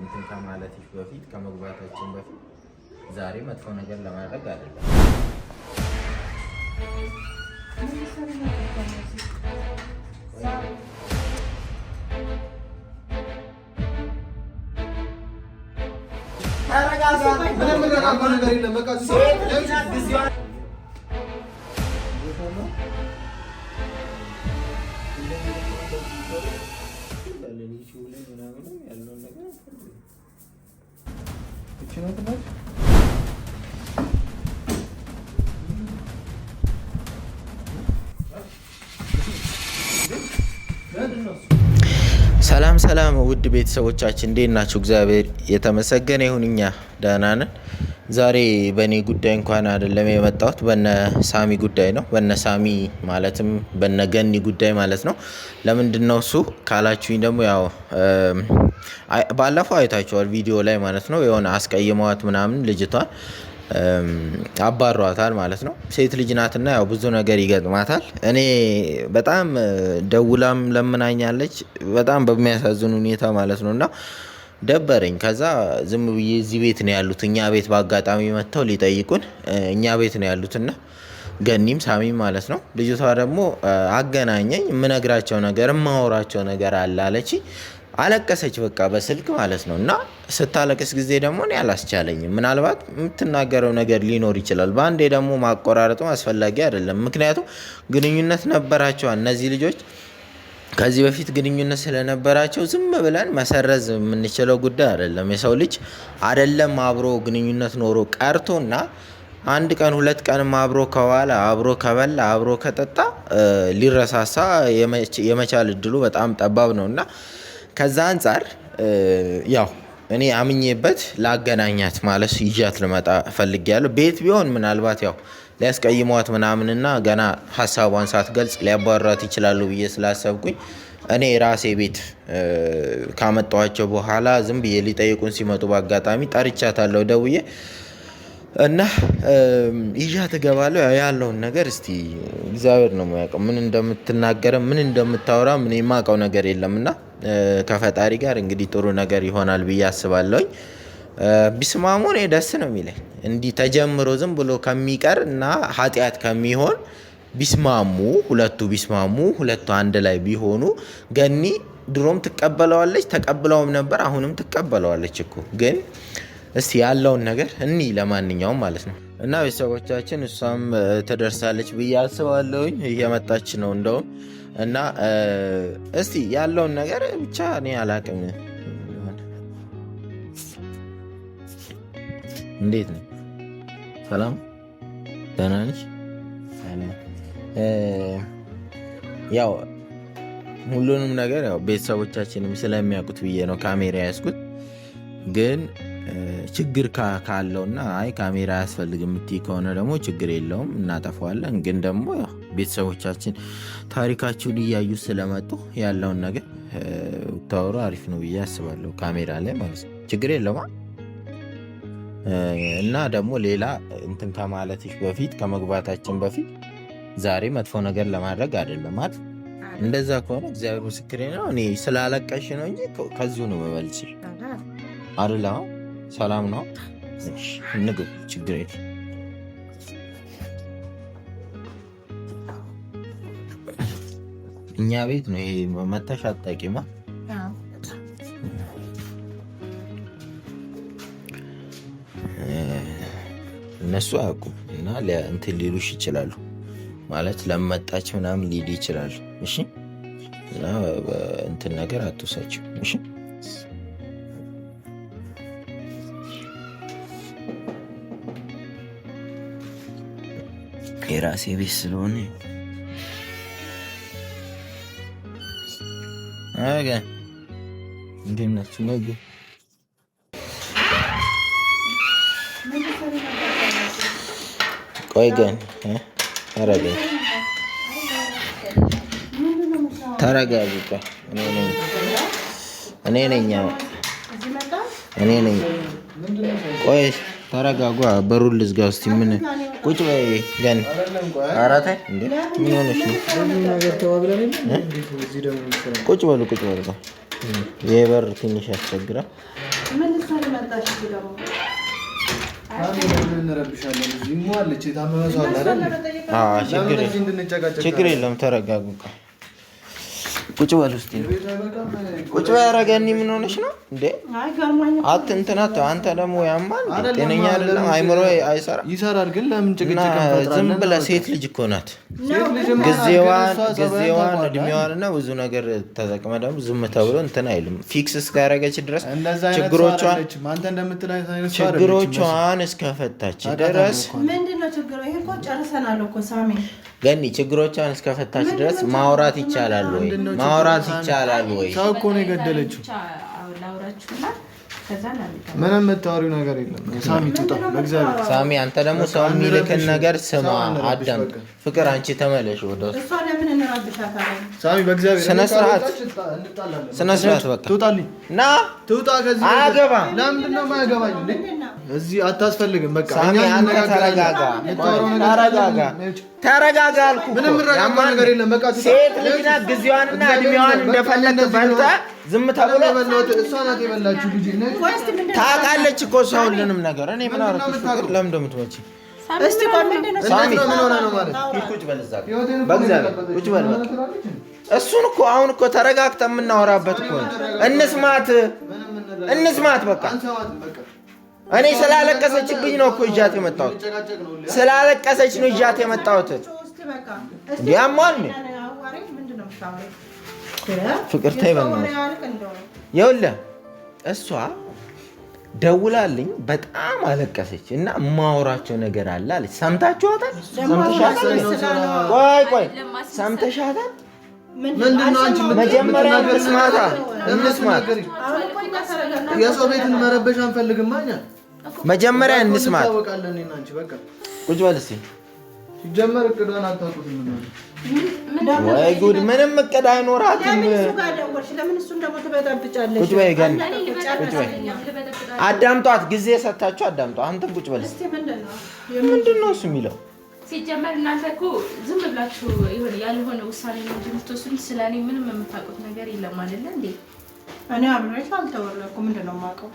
እንትን ከማለትሽ በፊት ከመግባታችን በፊት ዛሬ መጥፎ ነገር ለማድረግ አይደለም። ነገር እንሰራለን ዩቲዩብ ላይ ምናምን ያለውን ነገር ሰላም ሰላም፣ ውድ ቤተሰቦቻችን እንዴት ናችሁ? እግዚአብሔር የተመሰገነ ይሁን፣ እኛ ደህና ነን። ዛሬ በእኔ ጉዳይ እንኳን አይደለም የመጣሁት በነ ሳሚ ጉዳይ ነው። በነ ሳሚ ማለትም በነ ገኒ ጉዳይ ማለት ነው። ለምንድን ነው እሱ ካላችሁኝ ደግሞ ያው ባለፈው አይታችኋል ቪዲዮ ላይ ማለት ነው። የሆነ አስቀይመዋት ምናምን ልጅቷን አባሯታል ማለት ነው። ሴት ልጅ ናትና ያው ብዙ ነገር ይገጥማታል። እኔ በጣም ደውላም ለምናኛለች በጣም በሚያሳዝን ሁኔታ ማለት ነው እና ደበረኝ። ከዛ ዝም ብዬ እዚህ ቤት ነው ያሉት እኛ ቤት በአጋጣሚ መጥተው ሊጠይቁን እኛ ቤት ነው ያሉት ገኒም ሳሚም ማለት ነው። ልጅቷ ደግሞ አገናኘኝ። የምነግራቸው ነገር የማወራቸው ነገር አለ አለች። አለቀሰች በቃ በስልክ ማለት ነው። እና ስታለቅስ ጊዜ ደግሞ እኔ አላስቻለኝም። ምናልባት የምትናገረው ነገር ሊኖር ይችላል። በአንዴ ደግሞ ማቆራረጡ አስፈላጊ አይደለም። ምክንያቱም ግንኙነት ነበራቸዋል እነዚህ ልጆች ከዚህ በፊት ግንኙነት ስለነበራቸው ዝም ብለን መሰረዝ የምንችለው ጉዳይ አይደለም። የሰው ልጅ አይደለም አብሮ ግንኙነት ኖሮ ቀርቶና አንድ ቀን ሁለት ቀንም አብሮ ከዋለ አብሮ ከበላ አብሮ ከጠጣ ሊረሳሳ የመቻል እድሉ በጣም ጠባብ ነው እና ከዛ አንጻር ያው እኔ አምኜበት ላገናኛት ማለት ይዣት ልመጣ እፈልጋለሁ። ቤት ቢሆን ምናልባት ያው ሊያስቀይሟት ምናምንና ገና ሀሳቧን ሳትገልጽ ሊያባራት ይችላሉ ብዬ ስላሰብኩኝ እኔ ራሴ ቤት ካመጣኋቸው በኋላ ዝም ብዬ ሊጠይቁን ሲመጡ በአጋጣሚ ጠርቻታለሁ ደውዬ እና ይዣ እገባለሁ። ያለውን ነገር እስቲ እግዚአብሔር ነው የሚያውቀው ምን እንደምትናገረ ምን እንደምታወራ ምን የማውቀው ነገር የለም እና ከፈጣሪ ጋር እንግዲህ ጥሩ ነገር ይሆናል ብዬ አስባለሁኝ። ቢስማሙ እኔ ደስ ነው የሚለኝ። እንዲህ ተጀምሮ ዝም ብሎ ከሚቀር እና ኃጢአት ከሚሆን ቢስማሙ ሁለቱ ቢስማሙ ሁለቱ አንድ ላይ ቢሆኑ ገኒ ድሮም ትቀበለዋለች፣ ተቀብለውም ነበር፣ አሁንም ትቀበለዋለች እኮ ግን እስቲ ያለውን ነገር እኒ ለማንኛውም ማለት ነው እና ቤተሰቦቻችን እሷም ትደርሳለች ብዬ አስባለሁኝ። እየመጣች ነው እንደውም እና እስቲ ያለውን ነገር ብቻ እኔ አላቅም እንዴት ነው? ሰላም ደህና ነሽ? ያው ሁሉንም ነገር ያው ቤተሰቦቻችንም ስለሚያውቁት ብዬ ነው ካሜራ ያስኩት። ግን ችግር ካለውና አይ ካሜራ ያስፈልግ የምትይ ከሆነ ደግሞ ችግር የለውም እናጠፋዋለን። ግን ደግሞ ቤተሰቦቻችን ታሪካችሁን እያዩ ስለመጡ ያለውን ነገር ብታወሩ አሪፍ ነው ብዬ አስባለሁ። ካሜራ ላይ ማለት ነው። ችግር የለውም። እና ደግሞ ሌላ እንትን ከማለትሽ በፊት ከመግባታችን በፊት ዛሬ መጥፎ ነገር ለማድረግ አይደለም አይደል? እንደዛ ከሆነ እግዚአብሔር ምስክሬ ነው። እኔ ስላለቀሽ ነው እንጂ ከዚሁ ነው የምመልስሽ አይደል? አሁን ሰላም ነው ንግብ ችግር የለም። እኛ ቤት ነው ይሄ መተሽ አጣቂማ እነሱ አያውቁም እና እንትን ሊሉሽ ይችላሉ ማለት ለመጣች ምናምን ሊል ይችላሉ። እሺ እና እንትን ነገር አትውሳቸው። እሺ የራሴ ቤት ስለሆነ ነገ እንዴት ናችሁ? ነገ ቆይ ግን ተረጋጅ ተረጋጅ። እኔ ነኝ እኔ ነኝ። ቆይ ተረጋጓ። በሩን ልዝጋ ውስጥ ምን ቁጭ በይ ገን አራተ ምን ሆነሽ? ቁጭ በሉ ቁጭ በሉ። ይህ ትንሽ ያስቸግራል። ችግር የለም ተረጋጉ። ቁጭ በል ውስጥ ቁጭ በል ያረገኒ። ምን ሆነሽ ነው እንዴ? አት እንትናት አንተ ደግሞ ያማል። ጤነኛ አይደለም፣ አይምሮ አይሰራ ይሰራል። ግን ለምን ጭቅጭቅ ዝም ብለህ ሴት ልጅ እኮ ናት። ጊዜዋን ጊዜዋን እድሜዋን እና ብዙ ነገር ተጠቅመ ደግሞ ዝም ተብሎ እንትን አይልም። ፊክስ እስካረገች ድረስ ችግሮቿን እስከፈታች ድረስ ምንድነው ችግሮ? ይሄ እኮ ጨርሰናል እኮ ሳሚ ገኒ ችግሮቿን እስከፈታች ድረስ ማውራት ይቻላል ወይ? ማውራት ይቻላል ወይ? ሰው እኮ ነው የገደለችው። ምንም የምታወሪው ነገር የለም። ሳሚ አንተ ደግሞ ሰው የሚልክን ነገር ስማ፣ አዳምጥ። ፍቅር አንቺ ተመለሽ ወደ ሳሚ፣ በእግዚአብሔር ስነ ስርዓት፣ በቃ ትውጣልኝ እና ትውጣ ከዚህ። አያገባም። ለምንድን ነው የማያገባኝ? እዚህ አታስፈልግም። በቃ አንተ ተረጋጋ፣ ተረጋጋ፣ ተረጋጋ ተረጋጋ ምንም ነገር የለም። በቃ ሴት ልጅ ናት። ጊዜዋንና እድሜዋን እንደፈለግ ዝምታ ብሎ የበላችሁ ዝም ታውቃለች እኮ እሷ ሁሉንም ነገር። እኔ ምን ለምንድን ነው የምትመጪ? እስቲ እሱን እኮ አሁን እኮ ተረጋግጠ የምናወራበት እኮ እንስማት፣ እንስማት በቃ እኔ ስላለቀሰችብኝ ነው እኮ እጃት የመጣሁት ስላለቀሰች ነው እጃት የመጣሁት። እንዲህ ፍቅር ይበልናል። እሷ ደውላልኝ በጣም አለቀሰች እና የማወራቸው ነገር አለ አለች። ሰምታችኋታል? ቆይ ቆይ ሰምተሻታል? መጀመሪያ እንስማታ እንስማት። የሰው ቤትን መረበሽ አንፈልግም። መጀመሪያ እንስማት። ቁጭ በል እስኪ ሲጀመር እቅዷን ምን ወይ ጉድ! ምንም እቅድ አይኖራትም። ቁጭ በይ ገና ቁጭ በይ። አዳምጧት፣ ጊዜ ሰታችሁ አዳምጧት። አንተም ቁጭ በል። ምንድን ነው እሱ የሚለው? ሲጀመር እናንተ እኮ ዝም ብላችሁ ይሆን ያልሆነ ውሳኔ ነው እንጂ የምትወስዱት። ስለ እኔ ምንም የምታውቁት ነገር የለም አይደለ እንዴ? እኔ አብሬሽ አልተወለኩ። ምንድን ነው የማውቀው?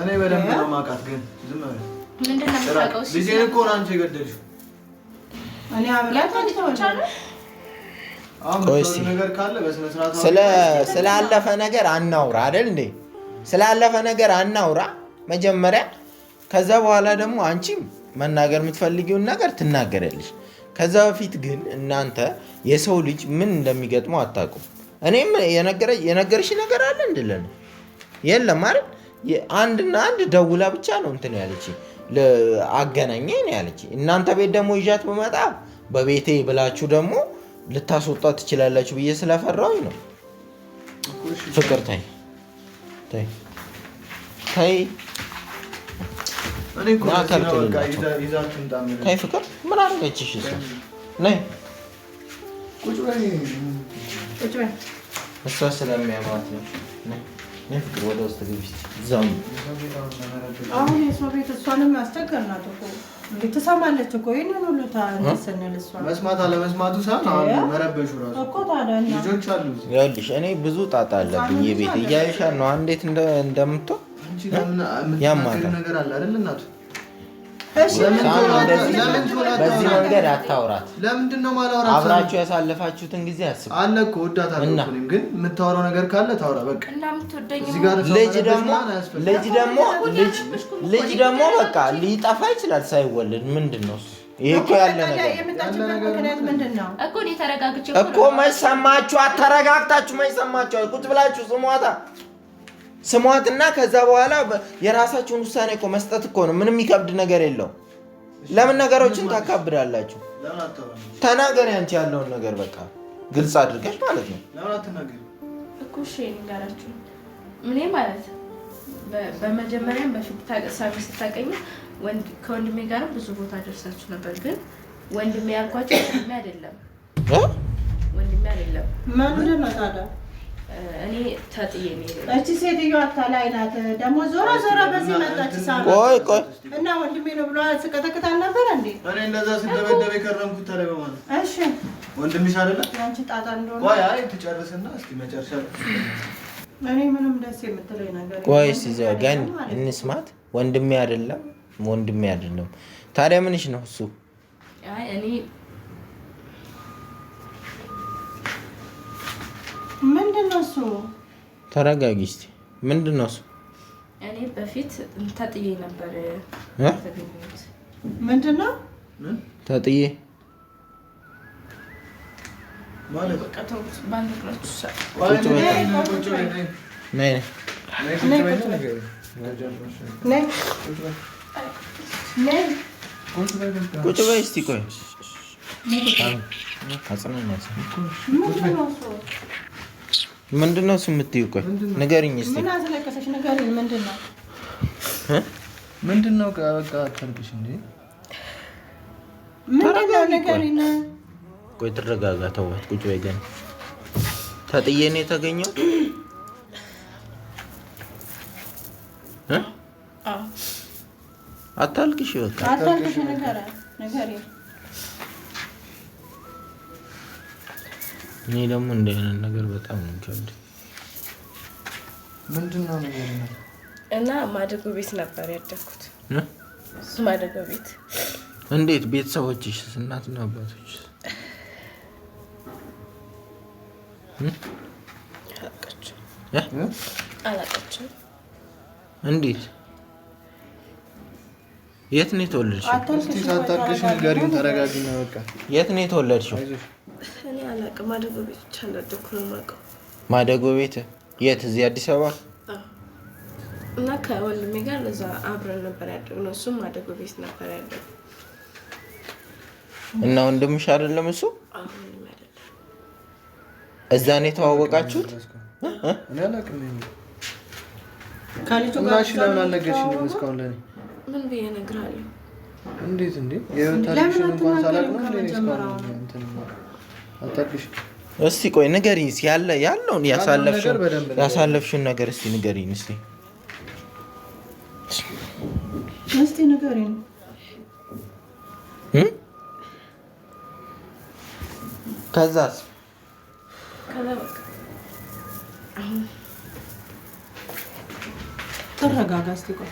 እኔ በደንብ ነው የማውቃት። ግን ዝም ብለህ ምንድን ነው የምታውቀው? ልጄን እኮ ነው አንቺ የገደልሽው ስላለፈ ነገር አናውራ አይደል እንዴ? ስላለፈ ነገር አናውራ መጀመሪያ። ከዛ በኋላ ደግሞ አንቺም መናገር የምትፈልጊውን ነገር ትናገራለሽ። ከዛ በፊት ግን እናንተ የሰው ልጅ ምን እንደሚገጥመው አታውቁም። እኔም የነገርሽ ነገር አለ እንድለን የለም አይደል? አንድና አንድ ደውላ ብቻ ነው እንትን ያለች አገናኘኝ ነው ያለች። እናንተ ቤት ደግሞ ይዣት ብመጣ በቤቴ ብላችሁ ደግሞ ልታስወጣ ትችላላችሁ ብዬ ስለፈራሁኝ ነው። ፍቅር ተይ ተይ ተይ ተይ ፍቅር ምን አደረገችሽ? እሷ ስለሚያማት ነው ፍቅር ወደ ውስጥ ገቢ እዛው አሁን የሰው ቤት እሷንም ያስቸገርናት እኮ ትሰማለች እኮ ይህንን ሁሉ ስንል መስማት አለመስማቱ ሳይሆን መረበሹ ራሱ እኮ ታዲያ ልጆች አሉ። ይኸውልሽ እኔ ብዙ ጣጣ አለብኝ። የቤት እያይሻ ነው እንዴት እንደምትሆን ያማታል ነገር አለ አይደል እናቱ በዚህ መንገድ አታውራት። ለምንድን ነው የማላወራት? አብራችሁ ያሳለፋችሁትን ጊዜ አስቡ አለ እኮ እወዳታለሁ። ግን የምታወራው ነገር ካለ ታውራ በቃ። ልጅ ደግሞ ልጅ ደግሞ ልጅ ደግሞ በቃ ሊጠፋ ይችላል ሳይወለድ። ምንድን ነው ይሄ እኮ ያለ ነገር እኮ መች ሰማችሁ? አተረጋግታችሁ መች ሰማችሁ? ቁጭ ብላችሁ ስሟታ ስሟትና ከዛ በኋላ የራሳችሁን ውሳኔ እኮ መስጠት እኮ ነው። ምንም የሚከብድ ነገር የለው። ለምን ነገሮችን ታካብዳላችሁ? ተናገሪ አንቺ ያለውን ነገር በቃ ግልጽ አድርገሽ ማለት ነው ምን ማለት በመጀመሪያም በፊት ሳሚ ስታቀኝ ከወንድሜ ጋርም ብዙ ቦታ ደርሳችሁ ነበር፣ ግን ወንድሜ ያልኳቸው ወንድሜ አይደለም ወንድሜ አይደለም እኔ ተጥዬ እቺ ሴትዮ አታላይ ናት። ደግሞ ዞራ ዞራ በዚህ መጣች። ቆይ ቆይ እና ወንድሜ ነው ብሎ ስቀጠቅጥ አልነበረ እንዴ? እኔ እንደዛ ስደበደበ የከረምኩት ታዲያ በማለት እሺ፣ ወንድምሽ አይደለ ያንቺ ጣጣ እንደሆነ ቆይ፣ አይ ትጨርስና እስኪ መጨረሻ። ቆይ፣ እንስማት። ወንድሜ አይደለም ወንድሜ አይደለም። ታዲያ ምንሽ ነው እሱ? አይ እኔ ምንድነው እሱ? ተረጋጊ እስኪ። ምንድነው እሱ? እኔ በፊት ተጥዬ ነበር የተገኘሁት። ምንድነው ተጥዬ ቁጭ በይ እስኪ ቆይ ምንድን ነው የምትይው? ቆይ ንገሪኝ እስኪ። ምንድን ነው በቃ አትልቅሽ እንዴ! ቆይ ትረጋጋ። ተዋት፣ ቁጭ በይ። ገና ተጥዬ ነው የተገኘው። አታልቅሽ፣ በቃ አታልቅሽ። ንገሪኝ እኔ ደግሞ እንዲህ አይነት ነገር በጣም ነው የሚከብደኝ። ምንድነው ነገር ነው እና ማደጎ ቤት ነበር ያደግኩት። እሱ ማደጎ ቤት። እንዴት ቤተሰቦችሽ፣ እናትና አባቶች አላቃቸው አላቃቸው? እንዴት የት ነው የተወለድሽው? የት ነው የተወለድሽው? ማደጎ ቤት የት? እዚህ አዲስ አበባ እና ከወንድሜ ጋር እዛ አብረን ነበር ያደግነው። እሱም ማደጎ ቤት ነበር ያደግነው እና ወንድምሽ አይደለም እሱ እዛ ነው የተዋወቃችሁት? እኔ ጋር ለምን አልነገርሽኝም እስካሁን ለእኔ ምን ብዬ እነግርሃለሁ? እንዴት እንዴ እስቲ ቆይ ንገሪኝ፣ እስኪ ያለ ያለውን ያሳለፍሽን ነገር እስቲ ንገሪኝ። እስቲ እስቲ ንገሪኝ። ከዛስ ተረጋጋ እስቲ ቆይ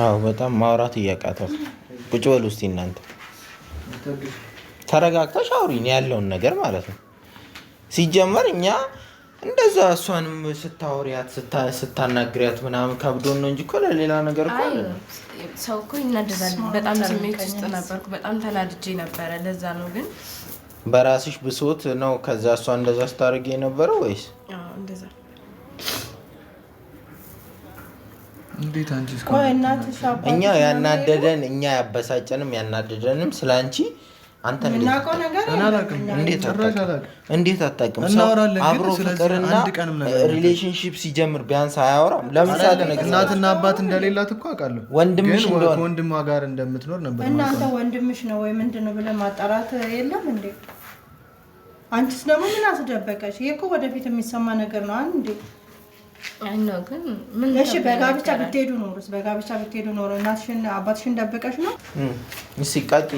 አዎ በጣም ማውራት እያቃተው ቁጭ በሉ እስቲ እናንተ ተረጋግተሽ አውሪኝ ያለውን ነገር ማለት ነው። ሲጀመር እኛ እንደዛ እሷንም ስታወሪያት ስታናግሪያት ምናምን ከብዶን ነው እንጂ እኮ ለሌላ ነገር እኮ ሰው እኮ ይናደዛል። በጣም ስሜት ውስጥ ነበርኩ። በጣም ተናድጄ ነበረ። ለዛ ነው ግን በራስሽ ብሶት ነው ከዛ እሷ እንደዛ ስታደርግ የነበረው ወይስ እንደዛ እንዴት አንቺ እኛ ያናደደን እኛ ያበሳጨንም ያናደደንም ስለ አንቺ አንተ እንዴት አታውቅም? አብሮ ፍቅርና ሪሌሽንሽፕ ሲጀምር ቢያንስ አያወራም? ለምሳሌ ሳትነግሪኝ? እናትና አባት እንደሌላት እኮ አውቃለሁ። ወንድምሽ እንደሆነ ከወንድሟ ጋር እንደምትኖር ነበር። እናንተ ወንድምሽ ነው ወይ ምንድን ነው ብለህ ማጣራት የለም እንዴ? አንቺስ ደግሞ ምን አስደበቀሽ? ይሄ እኮ ወደፊት የሚሰማ ነገር ነው። አንዴ እሺ በጋብቻ ብትሄዱ ኖሮ በጋብቻ ብትሄዱ ኖሮ እናትሽን አባትሽን ደብቀሽ ነው ሲቃቂ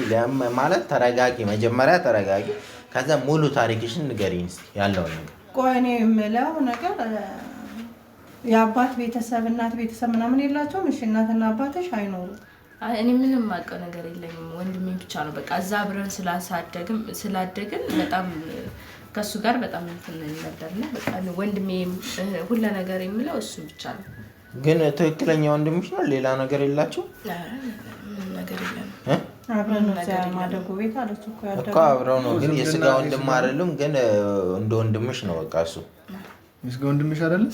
ማለት ተረጋጊ፣ መጀመሪያ ተረጋጊ፣ ከዛ ሙሉ ታሪክሽን ንገሪኝ ያለው ነገር። ቆይ እኔ የምለው ነገር የአባት ቤተሰብ እናት ቤተሰብ ምናምን የላቸውም። እሺ እናትና አባትሽ አይኖሩም። እኔ ምንም የማውቀው ነገር የለኝም። ወንድሜ ብቻ ነው በቃ እዛ አብረን ስላሳደግም ስላደግን በጣም ከእሱ ጋር በጣም እንትን ነበር እና በጣም ወንድሜም ሁለ ነገር የሚለው እሱ ብቻ ነው። ግን ትክክለኛ ወንድምሽ ነው። ሌላ ነገር የላቸው ነገር የለም። እኮ አብረው ነው። ግን የስጋ ወንድም አይደለም። ግን እንደ ወንድምሽ ነው። በቃ እሱ የስጋ ወንድምሽ አይደለም።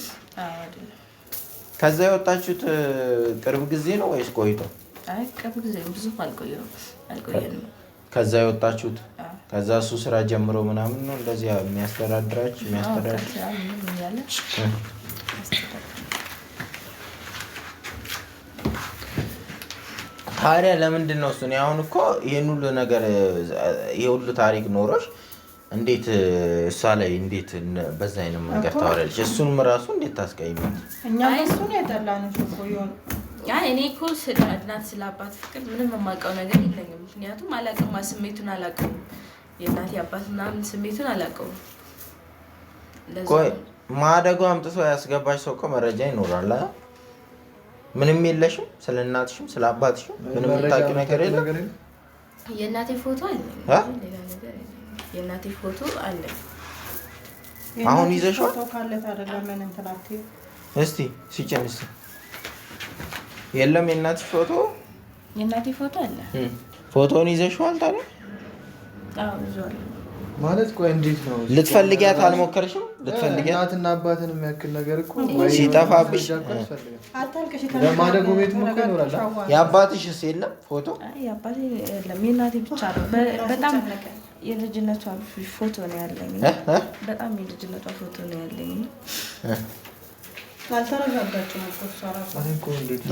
ከዛ የወጣችሁት ቅርብ ጊዜ ነው ወይስ ቆይቶ? ቅርብ ጊዜ ብዙ አልቆየንም። ከዛ የወጣችሁት ከዛ እሱ ስራ ጀምሮ ምናምን ነው እንደዚያ የሚያስተዳድራች የሚያስተዳድር ታዲያ ለምንድን ነው እሱን? አሁን እኮ ይህን ሁሉ ነገር የሁሉ ታሪክ ኖሮች እንዴት እሷ ላይ እንዴት በዛ አይነት መንገድ ታወራለች? እሱንም ራሱ እንዴት ታስቀይመት? እሱን የጠላን እኔ እኮ ስለ እናት ስለ አባት ፍቅር ምንም የማውቀው ነገር የለኝም። ምክንያቱም አላቅም፣ ስሜቱን አላቅም የእናቴ አባት ምናምን ስሜቱን አላውቀውም። ቆይ ማደጎ አምጥቶ ያስገባሽ ሰው እኮ መረጃ ይኖራል። ምንም የለሽም፣ ስለ እናትሽም ስለ አባትሽም ምንም የምታውቂው ነገር የለም። የእናቴ ፎቶ አለ፣ የእናቴ ፎቶ አለ። አሁን ይዘሽው እስቲ ሲጭን እስቲ የለም። የእናትሽ ፎቶ የእናቴ ፎቶ አለ። ፎቶውን ይዘሽዋል ታዲያ ማለት ቆይ እንዴት ነው ልትፈልጊያት አልሞከርሽም? ልትፈልጊያት እናትና አባትን የሚያክል ነገር እኮ ሲጠፋብሽ ለማደጎ ቤት እኮ ይኖራል። የአባትሽስ የለም ፎቶ? የእናቴ ብቻ ነው። በጣም የልጅነቷ ፎቶ ነው ያለኝ። በጣም የልጅነቷ ፎቶ ነው ያለኝ።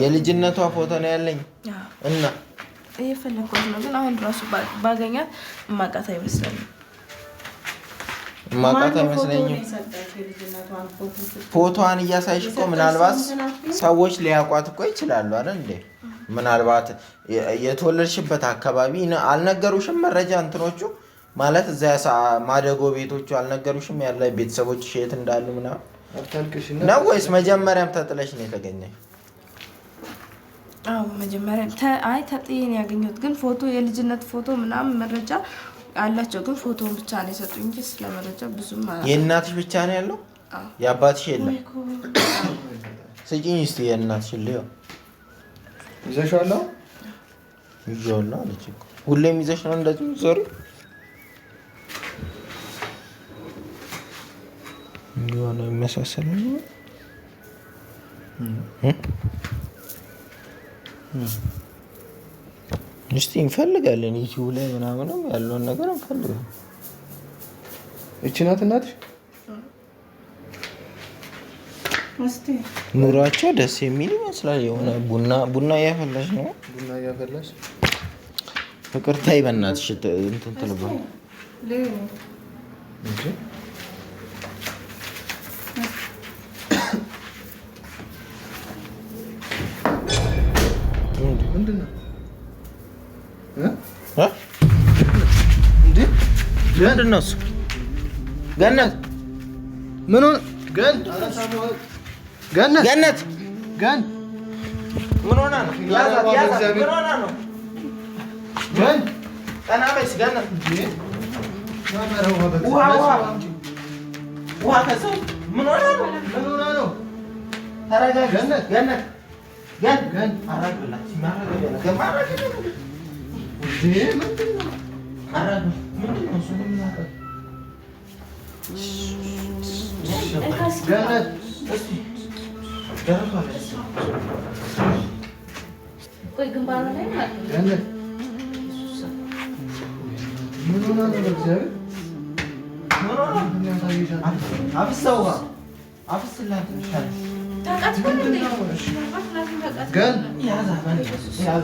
የልጅነቷ ፎቶ ነው ያለኝ እና እየፈለግኩት ነው፣ ግን አሁን ራሱ ባገኛት እማቃት አይመስለኝም። እማቃት አይመስለኝም። ፎቶዋን እያሳይሽ እኮ ምናልባት ሰዎች ሊያውቋት እኮ ይችላሉ አለ እንዴ? ምናልባት የተወለድሽበት አካባቢ አልነገሩሽም? መረጃ እንትኖቹ ማለት እዚያ ማደጎ ቤቶቹ አልነገሩሽም? ያለ ቤተሰቦች የት እንዳሉ ምናምን ነው ወይስ መጀመሪያም ተጥለሽ ነው የተገኘሽ? አዎ መጀመሪያ አይ ተጥዬን ያገኘሁት ግን ፎቶ የልጅነት ፎቶ ምናምን መረጃ አላቸው፣ ግን ፎቶን ብቻ ነው የሰጡኝ እንጂ ስለ መረጃ ብዙም። የእናትሽ ብቻ ነው ያለው የአባትሽ የለም? ስጪኝ እስኪ የእናትሽ ልየው። ይዘሽዋለሁ ይዤዋለሁ አለች ሁሌም ይዘሽ ነው እንደዚህ የምትዞሪው? የሆነ የሚመሳሰል እስቲ እንፈልጋለን ዩቲዩብ ላይ ምናምንም ያለውን ነገር እንፈልጋለን። እቺ ናት እናትሽ። ኑሯቸው ደስ የሚል ይመስላል። የሆነ ቡና ቡና እያፈላች ነው። ቡና እያፈላች ፍቅርታይ በእናትሽ እንትን ትልባ ምንድን ነው እሱ? ገነት ምኑ ገነት ገን ምን ሆና ነው? ገነት ግን ያዛ ያዛ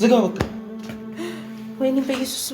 ዝጋ በቃ። ወይኔ በኢየሱስ